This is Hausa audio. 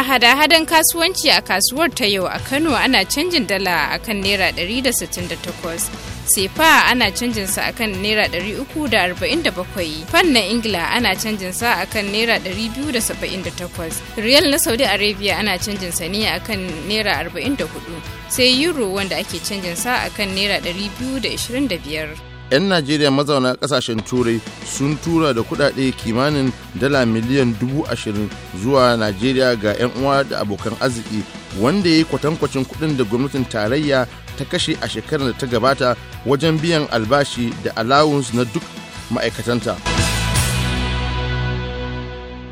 A hada-hadan kasuwanci a kasuwar ta yau a Kano ana canjin dala a kan Naira 168. Sefa ana canjin sa a kan Naira 347. Fan na Ingila ana canjin sa a kan Naira 278. Riyal na Saudi Arabia ana canjin sa ne a kan Naira 44. Sai Euro wanda ake canjin sa a kan Naira 225. 'yan najeriya mazauna kasashen turai sun tura da kudade kimanin dala miliyan dubu ashirin zuwa najeriya ga 'yan uwa da abokan arziki wanda ya yi kwatankwacin kudin da gwamnatin tarayya ta kashe a shekarar da ta gabata wajen biyan albashi da allowance na duk ma'aikatanta.